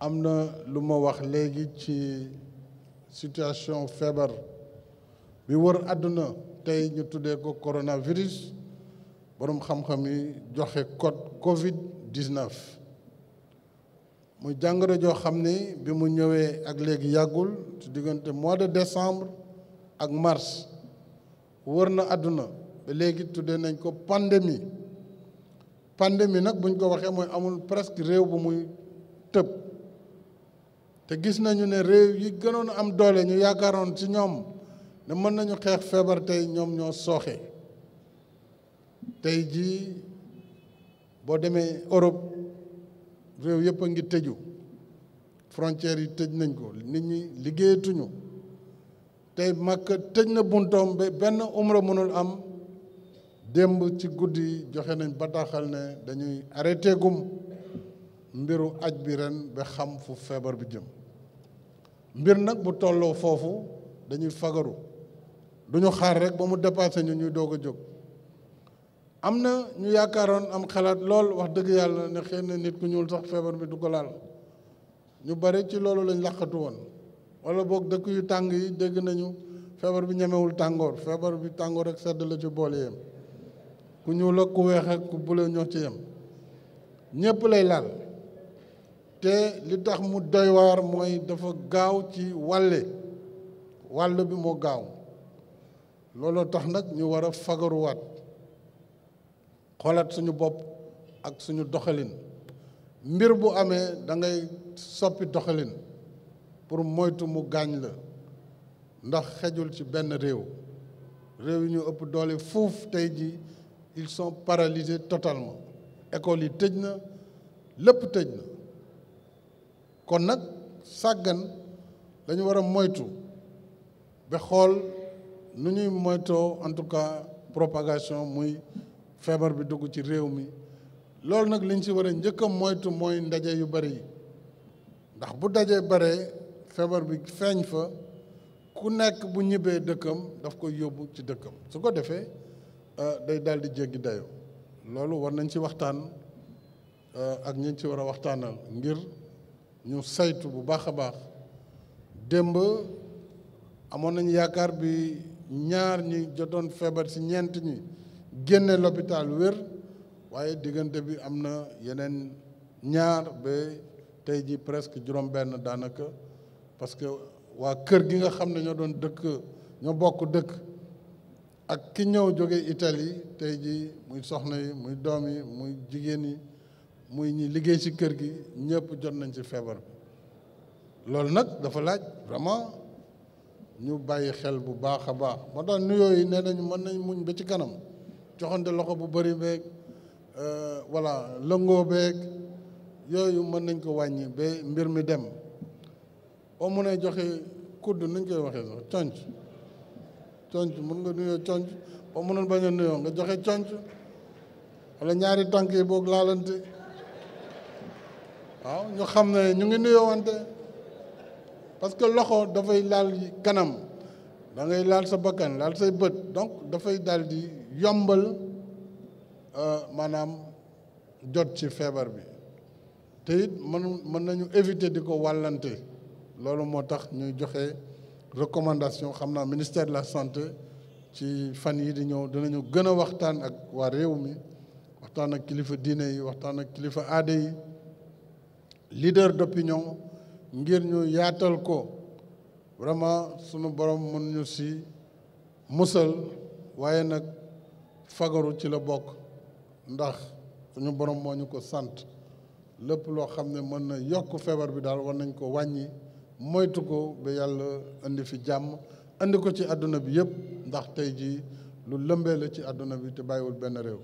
am na lu ma wax léegi ci situation feebar bi wër àdduna tey ñu tuddee ko coronavirus boroom xam-xam yi joxe code Covid 19 muy jàngoro joo xam ni bi mu ñëwee ak léegi yàggul ci diggante mois de décembre ak mars wër na àdduna ba léegi tuddee nañ ko pandémie pandémie nag buñ ko waxee mooy amul presque réew bi muy tëb. te gis nañu ne réew yi gënoon am doole ñu yaakaaroon ci ñoom ne mën nañu xeex feebar tey ñoom ñoo sooxe tey jii boo demee Europe réew yëpp a ngi tëju frontières yi tëj nañ ko nit ñi liggéeyatuñu tey Makka tëj na buntoom ba benn umra mënul am démb ci guddi joxe nañ bataaxal ne dañuy arrêté gum mbiru aj bi ren bi xam fu feebar bi jëm mbir nag bu tolloo foofu dañuy fagaru duñu xaar rek ba mu dépassé ñu ñuy doog a jóg am na ñu yaakaaroon am xalaat lool wax dëgg yàlla ne xëy na nit ku ñuul sax feebar bi du ko laal ñu bare ci loolu lañ laqatu woon wala boog dëkk yu tàng yi dégg nañu feebar bi ñemewul tàngoor feebar bi tàngoor ak sedd la ci boole yem ku ñuul ak ku weex ak ku bule ñoo ci yem ñépp lay laal te li tax mu doy waar mooy dafa gaaw ci wàlle wàll bi moo gaaw looloo tax nag ñu war a fagaruwaat xoolaat suñu bopp ak suñu doxalin mbir bu amee dangay soppi doxalin pour moytu mu gaañ la ndax xejul ci benn réew réew yi ñu ëpp doole fuuf tey ji ils sont paralysés totalement école yi tëj na lépp tëj na kon nag sàggan dañu war a moytu ba xool nu ñuy moytoo en tout cas propagation muy feebar bi dugg ci réew mi loolu nag lañ ci war a njëkk moytu mooy ndaje yu bari yi ndax bu dajee baree feebar bi feeñ fa ku nekk bu ñibbee dëkkam daf koy yóbbu ci dëkkam su ko defee euh, day daal jéggi dayoo loolu war nañ ci waxtaan euh, ak ñi ci war a waxtaanal ngir ñu saytu bu baax a baax démb amoon nañu yaakaar bi ñaar ñi jotoon feebar ci ñeent ñi génne l'hôpital wér waaye diggante bi am na yeneen ñaar ba tey ji presque juróom-benn daanaka parce que waa kër gi nga xam ne ñoo doon dëkk ñoo bokk dëkk ak ki ñëw jóge Italie tey ji muy soxna yi muy doom yi muy jigéen yi muy ñi liggéey ci kër gi ñëpp jot nañ ci feebar bi loolu nag dafa laaj vraiment ñu bàyyi xel bu baax a baax moo tax nuyoo yi nee nañ mën nañ muñ ba ci kanam joxante loxo bu bëri beeg euh, voilà lëngoo beeg yooyu mën nañ ko wàññi ba mbir mi dem boo mënee joxe kudd nañ koy waxee sax conc conc mën nga nuyoo conc boo mënoon ba a nuyoo nga joxe conc walla ñaari tànk yi boog laalante waaw ñu xam ne ñu ngi nuyoowante parce que loxo dafay laal kanam da ngay laal sa bakkan laal say bët donc dafay daal di yombal euh, maanaam jot ci feebar bi te it mën mën nañu éviter di ko wàllante loolu moo tax ñuy joxe recommandation xam naa ministère de la santé ci fan yi di ñëw dinañu gën a waxtaan ak waa réew mi waxtaan ak kilifa diine yi waxtaan ak kilifa aada yi leader d'opinion ngir ñu yaatal ko vraiment sunu borom mën ñu si musal waaye nag fagaru ci la bokk ndax suñu borom moo ñu ko sant lépp loo xam ne mën na yokk feebar bi daal war nañ ko wàññi moytu ko ba yàlla indi fi jàmm indi ko ci àdduna bi yépp ndax tey ji lu lëmbee la ci àdduna bi te bàyyiwul benn réew.